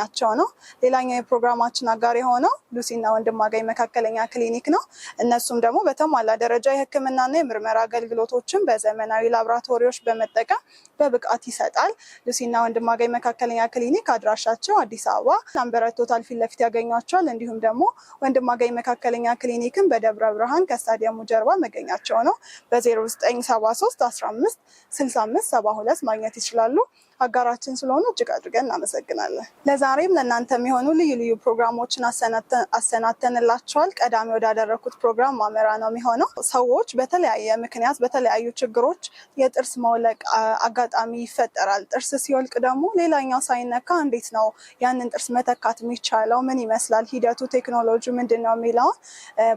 ያቸው ነው። ሌላኛው የፕሮግራማችን አጋር የሆነው ሉሲና ወንድማገኝ መካከለኛ ክሊኒክ ነው። እነሱም ደግሞ በተሟላ ደረጃ የሕክምናና የምርመራ አገልግሎቶችን በዘመናዊ ላብራቶሪዎች በመጠቀም በብቃት ይሰጣል። ሉሲና ወንድማገኝ መካከለኛ ክሊኒክ አድራሻቸው አዲስ አበባ ላምበረት ቶታል ፊት ለፊት ያገኟቸዋል። እንዲሁም ደግሞ ወንድማገኝ መካከለኛ ክሊኒክን በደብረ ብርሃን ከስታዲየሙ ጀርባ መገኛቸው ነው። በ0973 15 65 72 ማግኘት ይችላሉ። አጋራችን ስለሆኑ እጅግ አድርገን እናመሰግናለን። ለዛሬም ለእናንተ የሚሆኑ ልዩ ልዩ ፕሮግራሞችን አሰናተንላቸዋል። ቀዳሚ ወዳደረኩት ፕሮግራም ማመራ ነው የሚሆነው። ሰዎች በተለያየ ምክንያት በተለያዩ ችግሮች የጥርስ መውለቅ አጋጣሚ ይፈጠራል። ጥርስ ሲወልቅ ደግሞ ሌላኛው ሳይነካ እንዴት ነው ያንን ጥርስ መተካት የሚቻለው? ምን ይመስላል ሂደቱ? ቴክኖሎጂ ምንድን ነው የሚለውን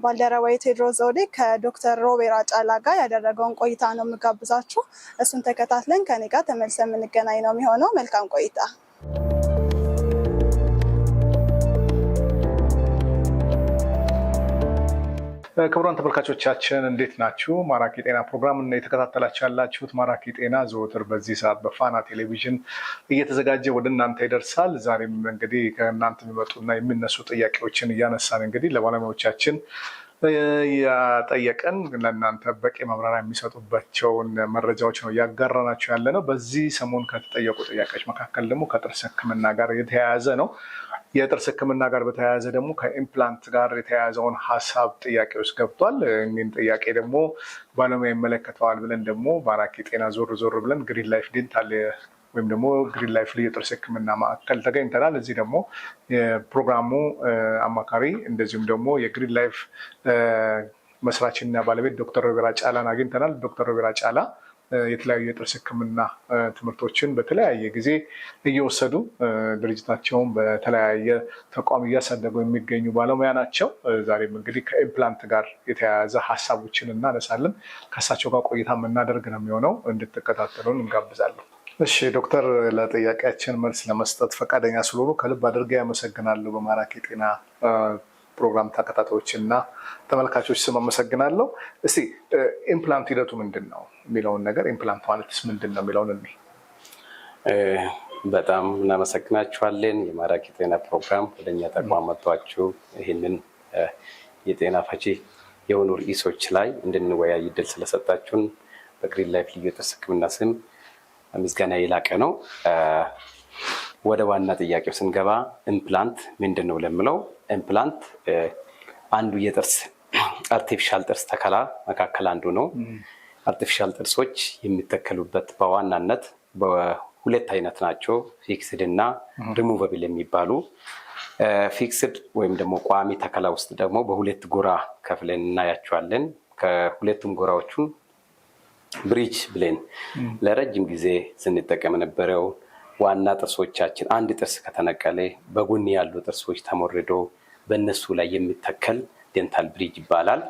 ባልደረባዊ ቴድሮስ ዘውዴ ከዶክተር ሮቤራ ጫላ ጋር ያደረገውን ቆይታ ነው የምጋብዛችሁ። እሱን ተከታትለን ከኔ ጋር ተመልሰ የምንገናኝ ነው ነው የሚሆነው። መልካም ቆይታ። ክቡራን ተመልካቾቻችን እንዴት ናችሁ? ማራኪ ጤና ፕሮግራም የተከታተላችሁ ያላችሁት ማራኪ ጤና ዘወትር በዚህ ሰዓት በፋና ቴሌቪዥን እየተዘጋጀ ወደ እናንተ ይደርሳል። ዛሬም እንግዲህ ከእናንተ እና የሚነሱ ጥያቄዎችን እያነሳን እንግዲህ ለባለሙያዎቻችን ያጠየቀን ለእናንተ በቂ መብራሪያ የሚሰጡባቸውን መረጃዎች ነው እያጋራናቸው ያለ ነው። በዚህ ሰሞን ከተጠየቁ ጥያቄዎች መካከል ደግሞ ከጥርስ ሕክምና ጋር የተያያዘ ነው። የጥርስ ሕክምና ጋር በተያያዘ ደግሞ ከኢምፕላንት ጋር የተያያዘውን ሀሳብ ጥያቄ ውስጥ ገብቷል። እኒን ጥያቄ ደግሞ ባለሙያ ይመለከተዋል ብለን ደግሞ ባራኪ ጤና ዞር ዞር ብለን ግሪን ላይፍ ዴንታል ወይም ደግሞ ግሪን ላይፍ ልዩ የጥርስ ሕክምና ማዕከል ተገኝተናል። እዚህ ደግሞ የፕሮግራሙ አማካሪ እንደዚሁም ደግሞ የግሪን ላይፍ መስራችና ባለቤት ዶክተር ሮቤራ ጫላን አግኝተናል። ዶክተር ሮቤራ ጫላ የተለያዩ የጥርስ ህክምና ትምህርቶችን በተለያየ ጊዜ እየወሰዱ ድርጅታቸውን በተለያየ ተቋም እያሳደጉ የሚገኙ ባለሙያ ናቸው። ዛሬም እንግዲህ ከኢምፕላንት ጋር የተያያዘ ሀሳቦችን እናነሳለን። ከእሳቸው ጋር ቆይታ የምናደርግ ነው የሚሆነው። እንድትከታተሉን እንጋብዛለን። እሺ ዶክተር ለጥያቄያችን መልስ ለመስጠት ፈቃደኛ ስለሆኑ ከልብ አድርጌ ያመሰግናለሁ። በማራኪ ጤና ፕሮግራም ተከታታዮች እና ተመልካቾች ስም አመሰግናለሁ። እስቲ ኢምፕላንት ሂደቱ ምንድን ነው የሚለውን ነገር ኢምፕላንት ማለትስ ምንድን ነው የሚለውን እኔ በጣም እናመሰግናችኋለን። የማራኪ ጤና ፕሮግራም ወደኛ ተቋም መጥቷችሁ ይህንን የጤና ፈቺ የሆኑ ርዕሶች ላይ እንድንወያይ ድል ስለሰጣችሁን በግሪን ላይፍ ልዩ ህክምና ስም ምስጋና የላቀ ነው። ወደ ዋና ጥያቄው ስንገባ ኢምፕላንት ምንድን ነው ለምለው፣ ኢምፕላንት አንዱ የጥርስ አርቲፊሻል ጥርስ ተከላ መካከል አንዱ ነው። አርቲፊሻል ጥርሶች የሚተከሉበት በዋናነት በሁለት አይነት ናቸው፣ ፊክስድ እና ሪሙቨብል የሚባሉ ፊክስድ ወይም ደግሞ ቋሚ ተከላ ውስጥ ደግሞ በሁለት ጎራ ከፍለን እናያቸዋለን። ከሁለቱም ጎራዎቹን ብሪጅ ብሌን ለረጅም ጊዜ ስንጠቀም ነበረው ዋና ጥርሶቻችን አንድ ጥርስ ከተነቀለ በጎን ያሉ ጥርሶች ተሞርዶ በእነሱ ላይ የሚተከል ዴንታል ብሪጅ ይባላል።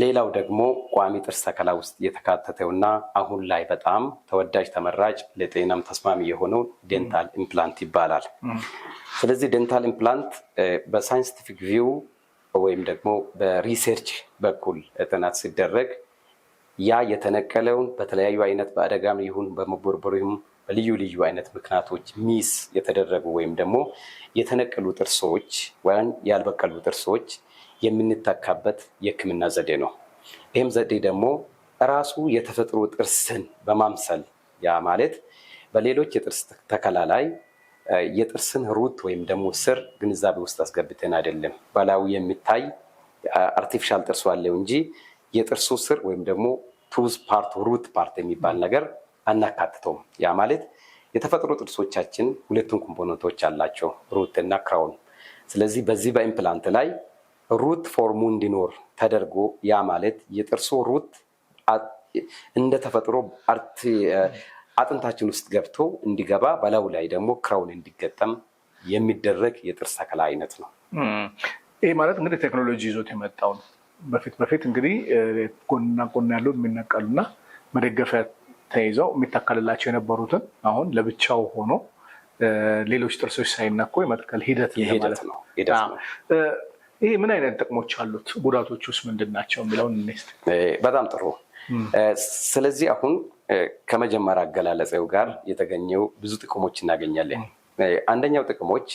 ሌላው ደግሞ ቋሚ ጥርስ ተከላ ውስጥ የተካተተው እና አሁን ላይ በጣም ተወዳጅ ተመራጭ፣ ለጤናም ተስማሚ የሆነው ዴንታል ኢምፕላንት ይባላል። ስለዚህ ዴንታል ኢምፕላንት በሳይንስቲፊክ ቪው ወይም ደግሞ በሪሰርች በኩል ጥናት ሲደረግ ያ የተነቀለውን በተለያዩ አይነት በአደጋም ይሁን በመቦርቦር ይሁን በልዩ ልዩ አይነት ምክንያቶች ሚስ የተደረጉ ወይም ደግሞ የተነቀሉ ጥርሶች ወይም ያልበቀሉ ጥርሶች የምንተካበት የሕክምና ዘዴ ነው። ይህም ዘዴ ደግሞ ራሱ የተፈጥሮ ጥርስን በማምሰል ያ ማለት በሌሎች የጥርስ ተከላ ላይ የጥርስን ሩት ወይም ደግሞ ስር ግንዛቤ ውስጥ አስገብተን አይደለም። በላዩ የሚታይ አርቲፊሻል ጥርሱ አለው እንጂ የጥርሱ ስር ወይም ደግሞ ቱዝ ፓርት ሩት ፓርት የሚባል ነገር አናካትተውም። ያ ማለት የተፈጥሮ ጥርሶቻችን ሁለቱን ኮምፖነንቶች አላቸው፣ ሩት እና ክራውን። ስለዚህ በዚህ በኢምፕላንት ላይ ሩት ፎርሙ እንዲኖር ተደርጎ ያ ማለት የጥርሱ ሩት እንደ ተፈጥሮ አጥንታችን ውስጥ ገብቶ እንዲገባ በላዩ ላይ ደግሞ ክራውን እንዲገጠም የሚደረግ የጥርስ ተከላ አይነት ነው። ይህ ማለት እንግዲህ ቴክኖሎጂ ይዞት የመጣው ነው። በፊት በፊት እንግዲህ ጎንና ጎን ያሉ የሚነቀሉና መደገፊያ ተይዘው የሚታከልላቸው የነበሩትን አሁን ለብቻው ሆኖ ሌሎች ጥርሶች ሳይነኩ የመትከል ሂደት ማለት ነው። ይሄ ምን አይነት ጥቅሞች አሉት? ጉዳቶች ውስጥ ምንድን ናቸው የሚለውን እኔስ። በጣም ጥሩ። ስለዚህ አሁን ከመጀመሪያ አገላለጸው ጋር የተገኘው ብዙ ጥቅሞች እናገኛለን። አንደኛው ጥቅሞች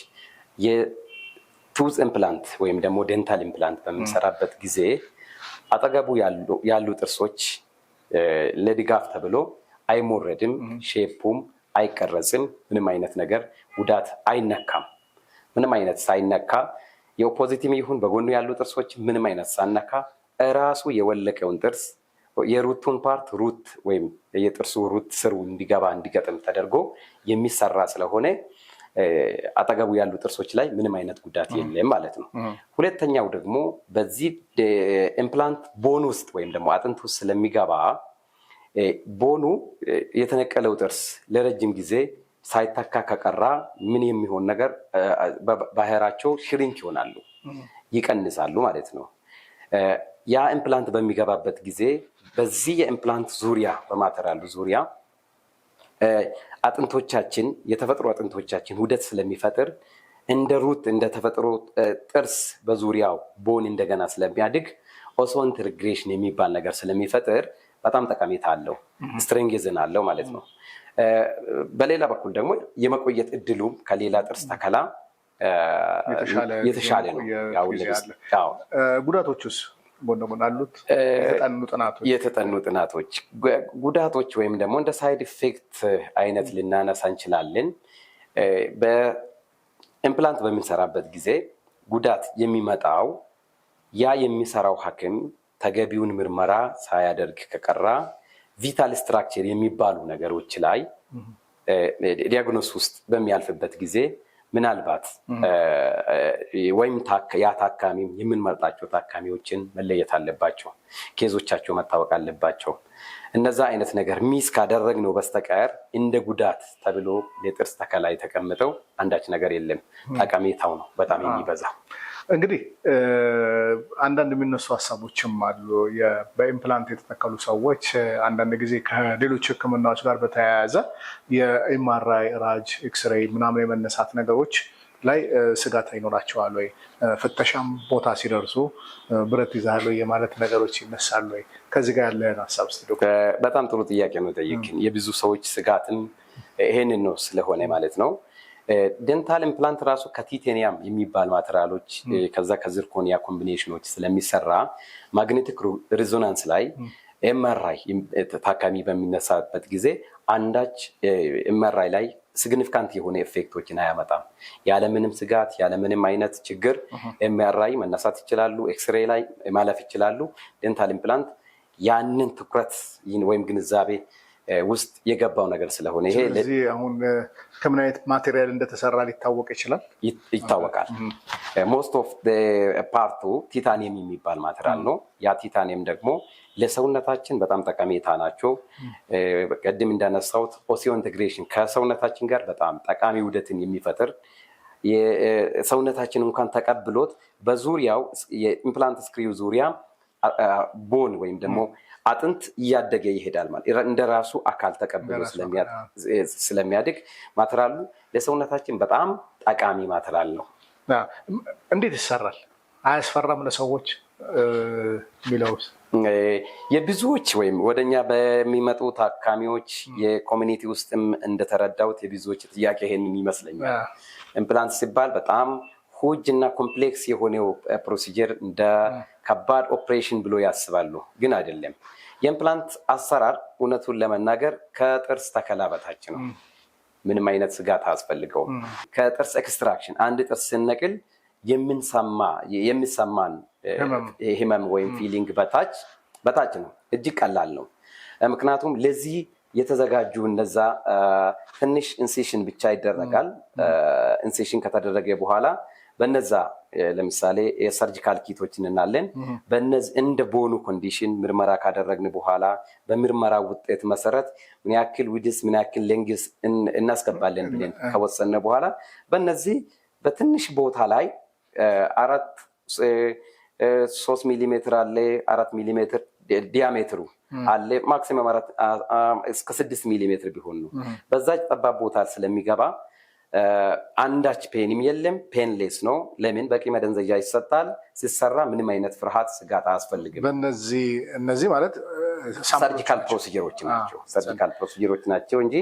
ቱዝ ኢምፕላንት ወይም ደግሞ ዴንታል ኢምፕላንት በምንሰራበት ጊዜ አጠገቡ ያሉ ጥርሶች ለድጋፍ ተብሎ አይሞረድም፣ ሼፑም አይቀረጽም፣ ምንም አይነት ነገር ጉዳት አይነካም። ምንም አይነት ሳይነካ የኦፖዚቲቭ ይሁን በጎኑ ያሉ ጥርሶች ምንም አይነት ሳነካ እራሱ የወለቀውን ጥርስ የሩቱን ፓርት ሩት ወይም የጥርሱ ሩት ስሩ እንዲገባ እንዲገጥም ተደርጎ የሚሰራ ስለሆነ አጠገቡ ያሉ ጥርሶች ላይ ምንም አይነት ጉዳት የለም ማለት ነው። ሁለተኛው ደግሞ በዚህ ኢምፕላንት ቦን ውስጥ ወይም ደግሞ አጥንት ውስጥ ስለሚገባ ቦኑ የተነቀለው ጥርስ ለረጅም ጊዜ ሳይታካ ከቀራ ምን የሚሆን ነገር ባህራቸው ሽሪንክ ይሆናሉ፣ ይቀንሳሉ ማለት ነው። ያ ኢምፕላንት በሚገባበት ጊዜ በዚህ የኢምፕላንት ዙሪያ በማተሪያሉ ዙሪያ አጥንቶቻችን የተፈጥሮ አጥንቶቻችን ውደት ስለሚፈጥር እንደ ሩት እንደ ተፈጥሮ ጥርስ በዙሪያው ቦን እንደገና ስለሚያድግ ኦሶንት ሪግሬሽን የሚባል ነገር ስለሚፈጥር በጣም ጠቀሜታ አለው። ስትሬንግዝን አለው ማለት ነው። በሌላ በኩል ደግሞ የመቆየት እድሉም ከሌላ ጥርስ ተከላ የተሻለ ነው። ጉዳቶቹስ ጎን የተጠኑ ጥናቶች ጉዳቶች ወይም ደግሞ እንደ ሳይድ ኢፌክት አይነት ልናነሳ እንችላለን። በኢምፕላንት በምንሰራበት ጊዜ ጉዳት የሚመጣው ያ የሚሰራው ሐኪም ተገቢውን ምርመራ ሳያደርግ ከቀራ ቪታል ስትራክቸር የሚባሉ ነገሮች ላይ ዲያግኖስ ውስጥ በሚያልፍበት ጊዜ ምናልባት ወይም ያ የምንመርጣቸው ታካሚዎችን መለየት አለባቸው። ኬዞቻቸው መታወቅ አለባቸው። እነዛ አይነት ነገር ሚስ ካደረግነው በስተቀር እንደ ጉዳት ተብሎ የጥርስ ተከላይ ተቀምጠው አንዳች ነገር የለም። ጠቀሜታው ነው በጣም የሚበዛ። እንግዲህ አንዳንድ የሚነሱ ሀሳቦችም አሉ። በኢምፕላንት የተተከሉ ሰዎች አንዳንድ ጊዜ ከሌሎች ሕክምናዎች ጋር በተያያዘ የኤምአርአይ ራጅ፣ ኤክስሬይ ምናምን የመነሳት ነገሮች ላይ ስጋት ይኖራቸዋል ወይ? ፍተሻም ቦታ ሲደርሱ ብረት ይዛሉ የማለት ነገሮች ይነሳሉ ወይ? ከዚህ ጋር ያለህን ሀሳብ ስ በጣም ጥሩ ጥያቄ ነው ጠየቅን። የብዙ ሰዎች ስጋትም ይሄንን ነው ስለሆነ ማለት ነው ዴንታል ኢምፕላንት ራሱ ከቲቴኒያም የሚባል ማቴሪያሎች ከዛ ከዚርኮኒያ ኮምቢኔሽኖች ስለሚሰራ ማግኔቲክ ሪዞናንስ ላይ ኤምአርአይ ታካሚ በሚነሳበት ጊዜ አንዳች ኤምአርአይ ላይ ሲግኒፊካንት የሆነ ኤፌክቶችን አያመጣም። ያለምንም ስጋት ያለምንም አይነት ችግር ኤምአርአይ መነሳት ይችላሉ። ኤክስሬ ላይ ማለፍ ይችላሉ። ዴንታል ኢምፕላንት ያንን ትኩረት ወይም ግንዛቤ ውስጥ የገባው ነገር ስለሆነ ይሄ አሁን ከምን አይነት ማቴሪያል እንደተሰራ ሊታወቅ ይችላል። ይታወቃል። ሞስት ኦፍ ፓርቱ ቲታኒየም የሚባል ማቴሪያል ነው። ያ ቲታኒየም ደግሞ ለሰውነታችን በጣም ጠቀሜታ ናቸው። ቅድም እንዳነሳሁት ኦሲዮ ኢንቴግሬሽን ከሰውነታችን ጋር በጣም ጠቃሚ ውህደትን የሚፈጥር ሰውነታችን እንኳን ተቀብሎት በዙሪያው የኢምፕላንት ስክሪው ዙሪያ ቦን ወይም ደግሞ አጥንት እያደገ ይሄዳል ማለት እንደ ራሱ አካል ተቀብሎ ስለሚያድግ ማተራሉ ለሰውነታችን በጣም ጠቃሚ ማተራል ነው። እንዴት ይሰራል? አያስፈራም ለሰዎች የሚለውስ የብዙዎች ወይም ወደኛ በሚመጡ ታካሚዎች የኮሚኒቲ ውስጥም እንደተረዳሁት የብዙዎች ጥያቄ ይሄን ይመስለኛል። ኢምፕላንት ሲባል በጣም ሁጅ እና ኮምፕሌክስ የሆነው ፕሮሲጀር እንደ ከባድ ኦፕሬሽን ብሎ ያስባሉ፣ ግን አይደለም። የኢምፕላንት አሰራር እውነቱን ለመናገር ከጥርስ ተከላ በታች ነው። ምንም አይነት ስጋት አያስፈልገውም። ከጥርስ ኤክስትራክሽን አንድ ጥርስ ስነቅል የሚሰማን ህመም ወይም ፊሊንግ በታች በታች ነው። እጅግ ቀላል ነው። ምክንያቱም ለዚህ የተዘጋጁ እነዛ ትንሽ ኢንሴሽን ብቻ ይደረጋል። ኢንሴሽን ከተደረገ በኋላ በነዛ ለምሳሌ የሰርጂካል ኪቶች እንናለን። በነዚህ እንደ ቦኑ ኮንዲሽን ምርመራ ካደረግን በኋላ በምርመራ ውጤት መሰረት ምን ያክል ዊድስ ምን ያክል ሌንግስ እናስገባለን ብለን ከወሰነ በኋላ በነዚህ በትንሽ ቦታ ላይ አራት ሶስት ሚሊሜትር አለ አራት ሚሊሜትር ዲያሜትሩ አለ ማክሲመም እስከ ስድስት ሚሊሜትር ቢሆን ነው። በዛች ጠባብ ቦታ ስለሚገባ አንዳች ፔንም የለም። ፔንሌስ ነው። ለምን በቂ መደንዘዣ ይሰጣል። ሲሰራ ምንም አይነት ፍርሃት፣ ስጋት አያስፈልግም። በእነዚህ እነዚህ ማለት ሰርጂካል ፕሮሲጀሮች ናቸው። ሰርጂካል ፕሮሲጀሮች ናቸው እንጂ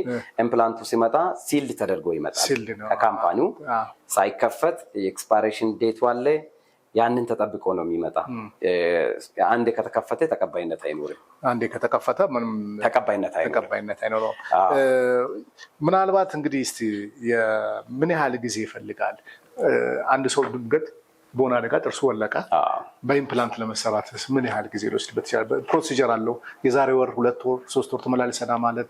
ኢምፕላንቱ ሲመጣ ሲልድ ተደርጎ ይመጣል ከካምፓኒው ሳይከፈት የኤክስፓሬሽን ዴቱ አለ ያንን ተጠብቆ ነው የሚመጣ። አንዴ ከተከፈተ ተቀባይነት አይኖርም። አንዴ ከተከፈተ ምንም ተቀባይነት አይኖርም። ምናልባት እንግዲህ እስኪ ምን ያህል ጊዜ ይፈልጋል አንድ ሰው ድንገት በሆነ አደጋ ጥርሱ ወለቀ፣ በኢምፕላንት ለመሰራት ምን ያህል ጊዜ ሊወስድበት ይችላል? ፕሮሲጀር አለው የዛሬ ወር፣ ሁለት ወር፣ ሶስት ወር ትመላለሰና ማለት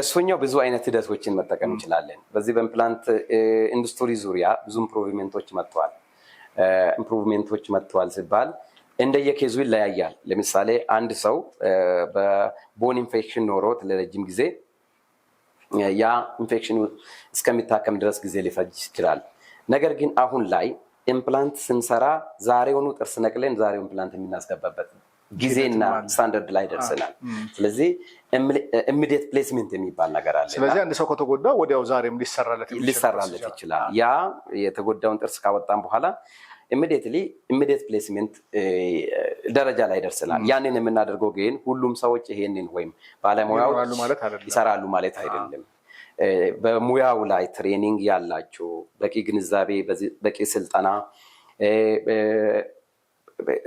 እሱኛው ብዙ አይነት ሂደቶችን መጠቀም እንችላለን። በዚህ በኢምፕላንት ኢንዱስትሪ ዙሪያ ብዙ ኢምፕሩቭሜንቶች መጥተዋል። ኢምፕሩቭሜንቶች መጥተዋል ሲባል እንደየኬዙ ይለያያል። ለምሳሌ አንድ ሰው በቦን ኢንፌክሽን ኖሮት ለረጅም ጊዜ ያ ኢንፌክሽን እስከሚታከም ድረስ ጊዜ ሊፈጅ ይችላል። ነገር ግን አሁን ላይ ኢምፕላንት ስንሰራ ዛሬውኑ ጥርስ ነቅለን ዛሬው ኢምፕላንት የምናስገባበት ነው። ጊዜና ስታንደርድ ላይ ደርሰናል። ስለዚህ ኢሚዲየት ፕሌስሜንት የሚባል ነገር አለ። ስለዚህ አንድ ሰው ከተጎዳ ወዲያው ዛሬም ሊሰራለት ይችላል። ያ የተጎዳውን ጥርስ ካወጣም በኋላ ኢሚዲየትሊ ኢሚዲየት ፕሌስሜንት ደረጃ ላይ ደርሰናል። ያንን የምናደርገው ግን ሁሉም ሰዎች ይሄንን ወይም ባለሙያዎች ይሰራሉ ማለት አይደለም። በሙያው ላይ ትሬኒንግ ያላቸው በቂ ግንዛቤ፣ በቂ ስልጠና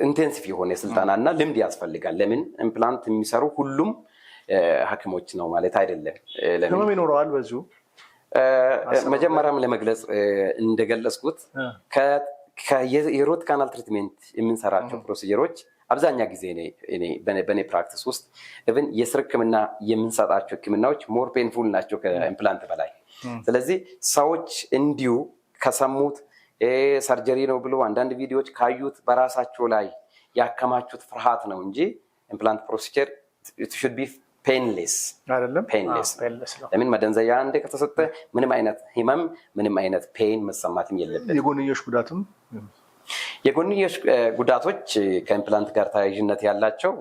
ኢንቴንሲቭ የሆነ ስልጠናና ልምድ ያስፈልጋል። ለምን ኢምፕላንት የሚሰሩ ሁሉም ሐኪሞች ነው ማለት አይደለም። ለምን ይኖረዋል። በዚሁ መጀመሪያም ለመግለጽ እንደገለጽኩት የሮት ካናል ትሪትሜንት የምንሰራቸው ፕሮሲጀሮች አብዛኛ ጊዜ በኔ ፕራክቲስ ውስጥ እብን የስር ህክምና የምንሰጣቸው ህክምናዎች ሞር ፔንፉል ናቸው ከኢምፕላንት በላይ። ስለዚህ ሰዎች እንዲሁ ከሰሙት ሰርጀሪ ነው ብሎ አንዳንድ ቪዲዮዎች ካዩት በራሳቸው ላይ ያከማችሁት ፍርሃት ነው እንጂ ኢምፕላንት ፕሮሲቸር ሹድ ቢ ፔንሌስ ለምን መደንዘያ አንዴ ከተሰጠ ምንም አይነት ህመም፣ ምንም አይነት ፔን መሰማትም የለበት። የጎንዮሽ ጉዳቱም የጎንዮሽ ጉዳቶች ከኢምፕላንት ጋር ተያያዥነት ያላቸው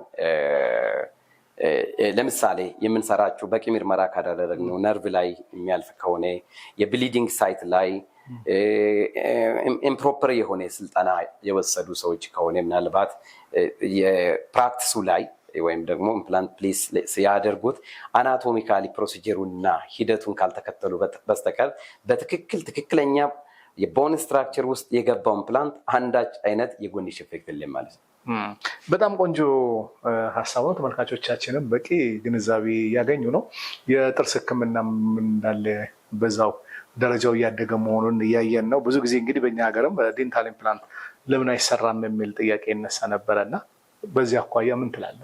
ለምሳሌ የምንሰራቸው በቂ ምርመራ ካደረግነው ነርቭ ላይ የሚያልፍ ከሆነ የብሊዲንግ ሳይት ላይ ኢምፕሮፐር የሆነ ስልጠና የወሰዱ ሰዎች ከሆነ ምናልባት የፕራክቲሱ ላይ ወይም ደግሞ ኢምፕላንት ፕሌስ ሲያደርጉት አናቶሚካሊ ፕሮሲጀሩና ሂደቱን ካልተከተሉ በስተቀር በትክክል ትክክለኛ የቦን ስትራክቸር ውስጥ የገባው ኢምፕላንት አንዳች አይነት የጎንሽ ኢፌክት የለም ማለት ነው። በጣም ቆንጆ ሀሳብ ነው። ተመልካቾቻችንም በቂ ግንዛቤ እያገኙ ነው። የጥርስ ሕክምናም እንዳለ በዛው ደረጃው እያደገ መሆኑን እያየን ነው። ብዙ ጊዜ እንግዲህ በእኛ ሀገርም ዴንታል ኢምፕላንት ለምን አይሰራም የሚል ጥያቄ ይነሳ ነበረ እና በዚህ አኳያ ምን ትላለ?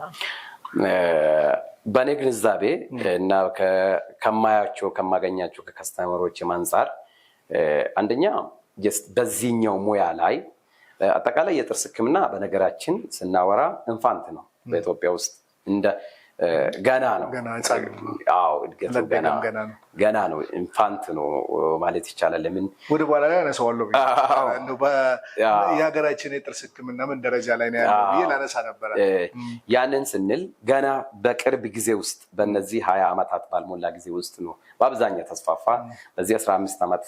በእኔ ግንዛቤ እና ከማያቸው ከማገኛቸው ከከስተመሮች አንጻር አንደኛ በዚህኛው ሙያ ላይ አጠቃላይ የጥርስ ሕክምና በነገራችን ስናወራ እንፋንት ነው በኢትዮጵያ ውስጥ ገና ነው። ገና ነው። ኢንፋንት ነው ማለት ይቻላል። ለምን ወደ በኋላ ላይ አነሳዋለሁ። የሀገራችን የጥርስ ህክምና ምን ደረጃ ላይ ነው ያለው ብዬ ላነሳ ነበረ። ያንን ስንል ገና በቅርብ ጊዜ ውስጥ በነዚህ ሀያ ዓመታት ባልሞላ ጊዜ ውስጥ ነው በአብዛኛው ተስፋፋ። በዚህ አስራ አምስት ዓመት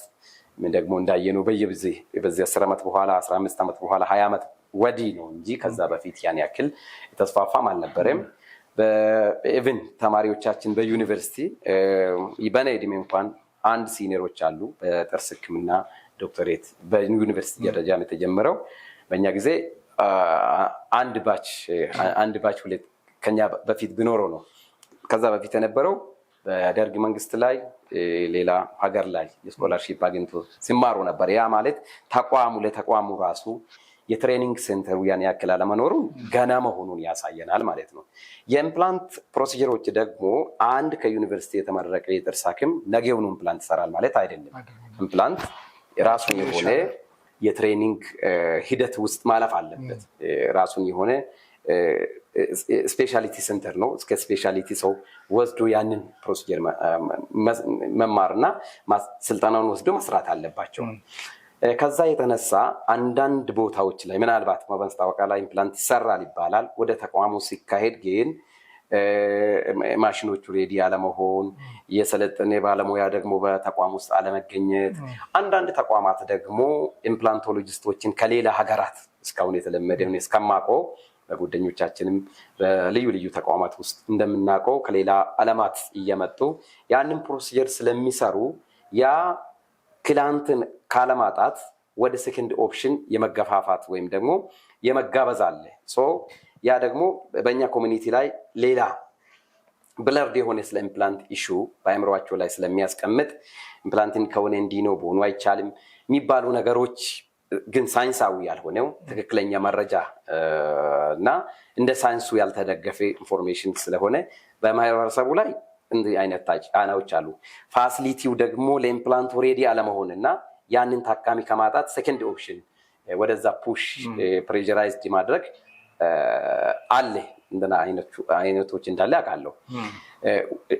ምን ደግሞ እንዳየ እንዳየነው በየጊዜ በዚህ አስር ዓመት በኋላ አስራ አምስት ዓመት በኋላ ሀያ ዓመት ወዲህ ነው እንጂ ከዛ በፊት ያን ያክል የተስፋፋም አልነበረም። በኤቨን ተማሪዎቻችን በዩኒቨርሲቲ በእኔ እንኳን አንድ ሲኒሮች አሉ በጥርስ ህክምና ዶክተሬት በዩኒቨርሲቲ ደረጃ ነው የተጀመረው። በእኛ ጊዜ አንድ ባች አንድ ባች ሁለት ከኛ በፊት ብኖረው ነው። ከዛ በፊት የነበረው በደርግ መንግስት ላይ ሌላ ሀገር ላይ የስኮላርሺፕ አግኝቶ ሲማሩ ነበር። ያ ማለት ተቋሙ ለተቋሙ ራሱ የትሬኒንግ ሴንተሩ ያን ያክል አለመኖሩ ገና መሆኑን ያሳየናል ማለት ነው። የኢምፕላንት ፕሮሲጀሮች ደግሞ አንድ ከዩኒቨርሲቲ የተመረቀ የጥርስ ሐኪም ነገውኑ ኢምፕላንት ይሰራል ማለት አይደለም። ኢምፕላንት ራሱን የሆነ የትሬኒንግ ሂደት ውስጥ ማለፍ አለበት። ራሱን የሆነ ስፔሻሊቲ ሴንተር ነው። እስከ ስፔሻሊቲ ሰው ወስዶ ያንን ፕሮሲጀር መማርና ስልጠናውን ወስዶ መስራት አለባቸው። ከዛ የተነሳ አንዳንድ ቦታዎች ላይ ምናልባት በማስታወቂያ ላይ ኢምፕላንት ይሰራል ይባላል። ወደ ተቋሙ ሲካሄድ ግን ማሽኖቹ ሬዲ አለመሆን፣ የሰለጠነ ባለሙያ ደግሞ በተቋም ውስጥ አለመገኘት፣ አንዳንድ ተቋማት ደግሞ ኢምፕላንቶሎጂስቶችን ከሌላ ሀገራት እስካሁን የተለመደ እስከማቆ በጓደኞቻችንም በልዩ ልዩ ተቋማት ውስጥ እንደምናውቀው ከሌላ አለማት እየመጡ ያንን ፕሮሲጀር ስለሚሰሩ ያ ክላንትን ካለማጣት ወደ ሴኮንድ ኦፕሽን የመገፋፋት ወይም ደግሞ የመጋበዝ አለ። ያ ደግሞ በእኛ ኮሚኒቲ ላይ ሌላ ብለርድ የሆነ ስለ ኢምፕላንት ኢሹ በአእምሯቸው ላይ ስለሚያስቀምጥ ኢምፕላንትን ከሆነ እንዲህ ነው በሆኑ አይቻልም የሚባሉ ነገሮች ግን ሳይንሳዊ ያልሆነው ትክክለኛ መረጃ እና እንደ ሳይንሱ ያልተደገፈ ኢንፎርሜሽን ስለሆነ በማህበረሰቡ ላይ እንዲህ አይነት ጫናዎች አሉ። ፋሲሊቲው ደግሞ ለኢምፕላንት ሬዲ አለመሆን እና ያንን ታካሚ ከማጣት ሴኮንድ ኦፕሽን eh, ወደዛ ፑሽ ፕሬራይዝድ eh, ማድረግ eh, አለ እንደና አይነቶች እንዳለ አውቃለሁ።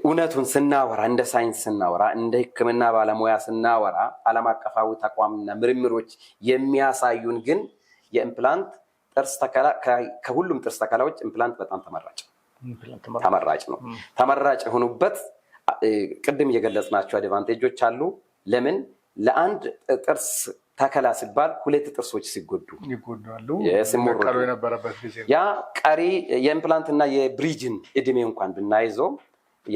እውነቱን ስናወራ እንደ ሳይንስ ስናወራ እንደ ሕክምና ባለሙያ ስናወራ ዓለም አቀፋዊ ተቋምና ምርምሮች የሚያሳዩን ግን የኢምፕላንት ጥርስ ተከላ ከሁሉም ጥርስ ተከላዎች ኢምፕላንት በጣም ተመራጭ ተመራጭ ነው። ተመራጭ የሆኑበት ቅድም የገለጽናቸው አድቫንቴጆች አሉ። ለምን ለአንድ ጥርስ ተከላ ሲባል ሁለት ጥርሶች ሲጎዱ ያ ቀሪ የኢምፕላንት የብሪጅን እድሜ እንኳን ብናይዘው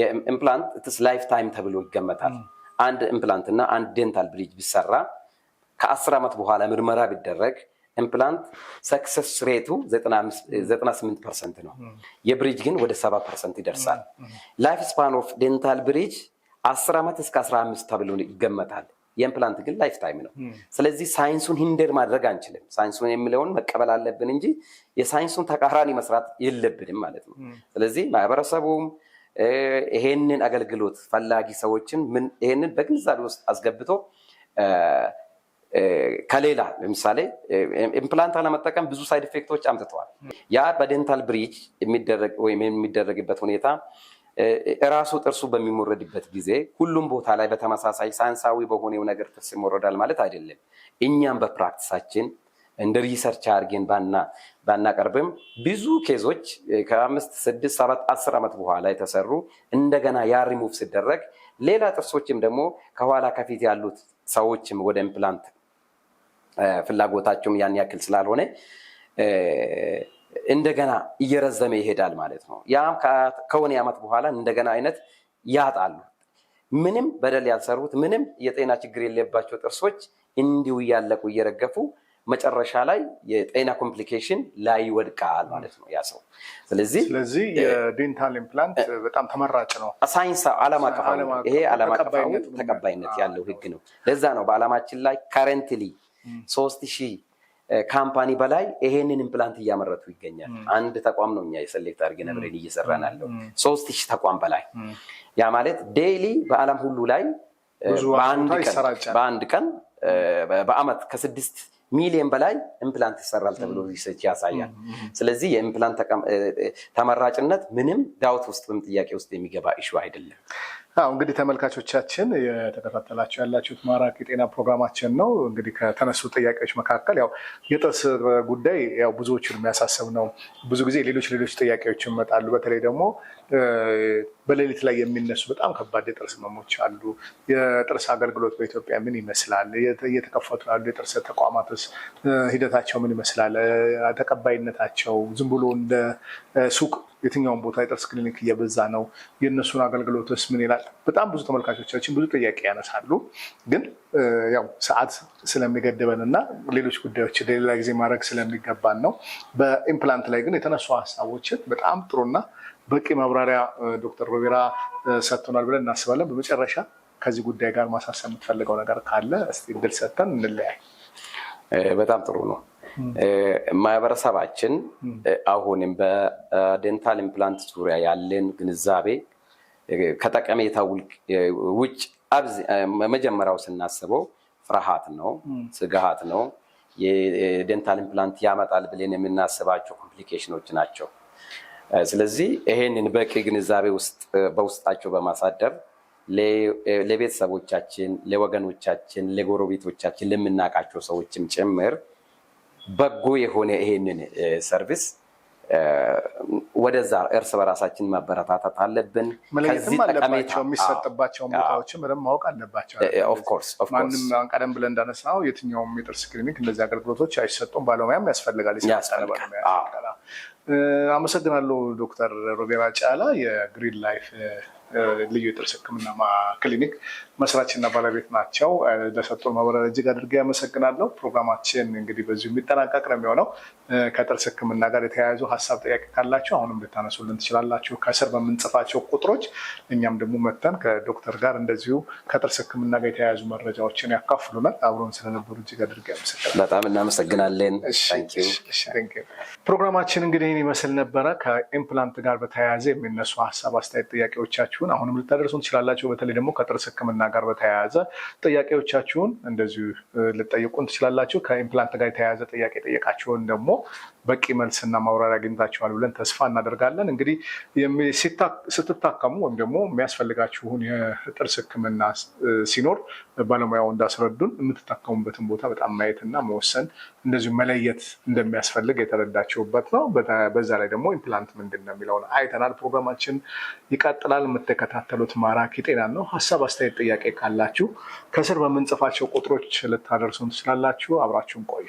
የኢምፕላንት ትስ ላይፍ ታይም ተብሎ ይገመታል። አንድ ኢምፕላንት አንድ ዴንታል ብሪጅ ቢሰራ ከአስር ዓመት በኋላ ምርመራ ቢደረግ ኢምፕላንት ሰክሰስ ሬቱ 98 ፐርሰንት ነው። የብሪጅ ግን ወደ 7 ፐርሰንት ይደርሳል። ላይፍ ስፓን ኦፍ ዴንታል ብሪጅ 10 ዓመት እስከ 15 ተብሎ ይገመታል። የኢምፕላንት ግን ላይፍ ታይም ነው። ስለዚህ ሳይንሱን ሂንደር ማድረግ አንችልም። ሳይንሱን የሚለውን መቀበል አለብን እንጂ የሳይንሱን ተቃራኒ መስራት የለብንም ማለት ነው። ስለዚህ ማህበረሰቡም ይሄንን አገልግሎት ፈላጊ ሰዎችን ይሄንን በግንዛቤ ውስጥ አስገብቶ ከሌላ ለምሳሌ ኢምፕላንት ለመጠቀም ብዙ ሳይድ ኢፌክቶች አምጥተዋል። ያ በዴንታል ብሪጅ ወይም የሚደረግበት ሁኔታ እራሱ ጥርሱ በሚሞረድበት ጊዜ ሁሉም ቦታ ላይ በተመሳሳይ ሳይንሳዊ በሆነው ነገር ጥርስ ይሞረዳል ማለት አይደለም። እኛም በፕራክቲሳችን እንደ ሪሰርች አድርጌን ባናቀርብም ብዙ ኬዞች ከአምስት ስድስት ሰባት አስር ዓመት በኋላ የተሰሩ እንደገና ያ ሪሙቭ ሲደረግ ሌላ ጥርሶችም ደግሞ ከኋላ ከፊት ያሉት ሰዎችም ወደ ኢምፕላንት ፍላጎታቸውም ያን ያክል ስላልሆነ እንደገና እየረዘመ ይሄዳል ማለት ነው። ያም ከሆነ ዓመት በኋላ እንደገና አይነት ያጣሉ። ምንም በደል ያልሰሩት ምንም የጤና ችግር የሌባቸው ጥርሶች እንዲሁ እያለቁ እየረገፉ መጨረሻ ላይ የጤና ኮምፕሊኬሽን ላይ ይወድቃል ማለት ነው ያ ሰው። ስለዚህ ስለዚህ የዴንታል ኢምፕላንት በጣም ተመራጭ ነው። ሳይንስ ዓለም አቀፋዊ ይሄ ዓለም አቀፋዊ ተቀባይነት ያለው ህግ ነው። ለዛ ነው በዓለማችን ላይ ካረንትሊ ሶስት ሺህ ካምፓኒ በላይ ይሄንን ኢምፕላንት እያመረቱ ይገኛል። አንድ ተቋም ነው እኛ የሰሌክት አድርገን አብረን እየሰራን ያለው ሶስት ሺህ ተቋም በላይ ያ ማለት ዴይሊ በዓለም ሁሉ ላይ በአንድ ቀን በአመት ከስድስት ሚሊዮን በላይ ኢምፕላንት ይሰራል ተብሎ ሪሰርች ያሳያል። ስለዚህ የኢምፕላንት ተመራጭነት ምንም ዳውት ውስጥ ወይም ጥያቄ ውስጥ የሚገባ ኢሹ አይደለም። አዎ እንግዲህ ተመልካቾቻችን የተከታተላችሁ ያላችሁት ማራኪ ጤና ፕሮግራማችን ነው። እንግዲህ ከተነሱ ጥያቄዎች መካከል ያው የጥርስ ጉዳይ ያው ብዙዎችን የሚያሳስብ ነው። ብዙ ጊዜ ሌሎች ሌሎች ጥያቄዎች ይመጣሉ። በተለይ ደግሞ በሌሊት ላይ የሚነሱ በጣም ከባድ የጥርስ ህመሞች አሉ። የጥርስ አገልግሎት በኢትዮጵያ ምን ይመስላል? እየተከፈቱ ያሉ የጥርስ ተቋማትስ ሂደታቸው ምን ይመስላል? ተቀባይነታቸው ዝም ብሎ እንደ ሱቅ የትኛውን ቦታ የጥርስ ክሊኒክ እየበዛ ነው? የእነሱን አገልግሎትስ ምን ይላል? በጣም ብዙ ተመልካቾቻችን ብዙ ጥያቄ ያነሳሉ። ግን ያው ሰዓት ስለሚገድበን እና ሌሎች ጉዳዮች ሌላ ጊዜ ማድረግ ስለሚገባን ነው። በኢምፕላንት ላይ ግን የተነሱ ሀሳቦችን በጣም ጥሩና በቂ ማብራሪያ ዶክተር ሮቤራ ሰጥቶናል ብለን እናስባለን። በመጨረሻ ከዚህ ጉዳይ ጋር ማሳሰብ የምትፈልገው ነገር ካለ እስኪ እድል ሰጥተን እንለያይ። በጣም ጥሩ ነው። ማህበረሰባችን አሁንም በዴንታል ኢምፕላንት ዙሪያ ያለን ግንዛቤ ከጠቀሜታ ውጭ መጀመሪያው ስናስበው ፍርሃት ነው፣ ስጋት ነው። የዴንታል ኢምፕላንት ያመጣል ብለን የምናስባቸው ኮምፕሊኬሽኖች ናቸው። ስለዚህ ይሄንን በቂ ግንዛቤ ውስጥ በውስጣቸው በማሳደር ለቤተሰቦቻችን፣ ለወገኖቻችን፣ ለጎረቤቶቻችን ለምናውቃቸው ሰዎችም ጭምር በጎ የሆነ ይሄንን ሰርቪስ ወደዛ እርስ በራሳችን ማበረታታት አለብን። መለየትም አለባቸው። የሚሰጥባቸውን ቦታዎችን በደንብ ማወቅ አለባቸው። ማንም ቀደም ብለን እንዳነሳው የትኛውም የጥርስ ክሊኒክ እንደዚህ አገልግሎቶች አይሰጡም። ባለሙያም ያስፈልጋል። አመሰግናለሁ ዶክተር ሮቤራ ጫላ የግሪን ላይፍ ልዩ የጥርስ ህክምና ክሊኒክ መስራችና ባለቤት ናቸው። ለሰጡን ማብራሪያ እጅግ አድርጌ ያመሰግናለሁ። ፕሮግራማችን እንግዲህ በዚሁ የሚጠናቀቅ ነው የሚሆነው። ከጥርስ ህክምና ጋር የተያያዙ ሀሳብ ጥያቄ ካላችሁ አሁንም ልታነሱልን ትችላላችሁ ከስር በምንጽፋቸው ቁጥሮች። እኛም ደግሞ መተን ከዶክተር ጋር እንደዚሁ ከጥርስ ህክምና ጋር የተያያዙ መረጃዎችን ያካፍሉናል። አብረውን ስለነበሩ እጅግ አድርጌ ያመሰግናለሁ። በጣም እናመሰግናለን። ፕሮግራማችን እንግዲህ ይህን ይመስል ነበረ። ከኢምፕላንት ጋር በተያያዘ የሚነሱ ሀሳብ፣ አስተያየት ጥያቄዎቻችሁ ጥያቄዎቻችሁን አሁንም ልታደርሱን ትችላላችሁ። በተለይ ደግሞ ከጥርስ ሕክምና ጋር በተያያዘ ጥያቄዎቻችሁን እንደዚሁ ልጠይቁን ትችላላችሁ። ከኢምፕላንት ጋር የተያያዘ ጥያቄ ጠየቃችሁን ደግሞ በቂ መልስና ማብራሪያ አግኝታችኋል ብለን ተስፋ እናደርጋለን። እንግዲህ ስትታከሙ ወይም ደግሞ የሚያስፈልጋችሁን የጥርስ ሕክምና ሲኖር ባለሙያው እንዳስረዱን የምትታከሙበትን ቦታ በጣም ማየትና መወሰን እንደዚሁ መለየት እንደሚያስፈልግ የተረዳችሁበት ነው። በዛ ላይ ደግሞ ኢምፕላንት ምንድን ነው የሚለውን አይተናል። ፕሮግራማችን ይቀጥላል። የተከታተሉት ማራኪ ጤና ነው። ሀሳብ አስተያየት፣ ጥያቄ ካላችሁ ከስር በምንጽፋቸው ቁጥሮች ልታደርሱን ትችላላችሁ። አብራችሁን ቆዩ።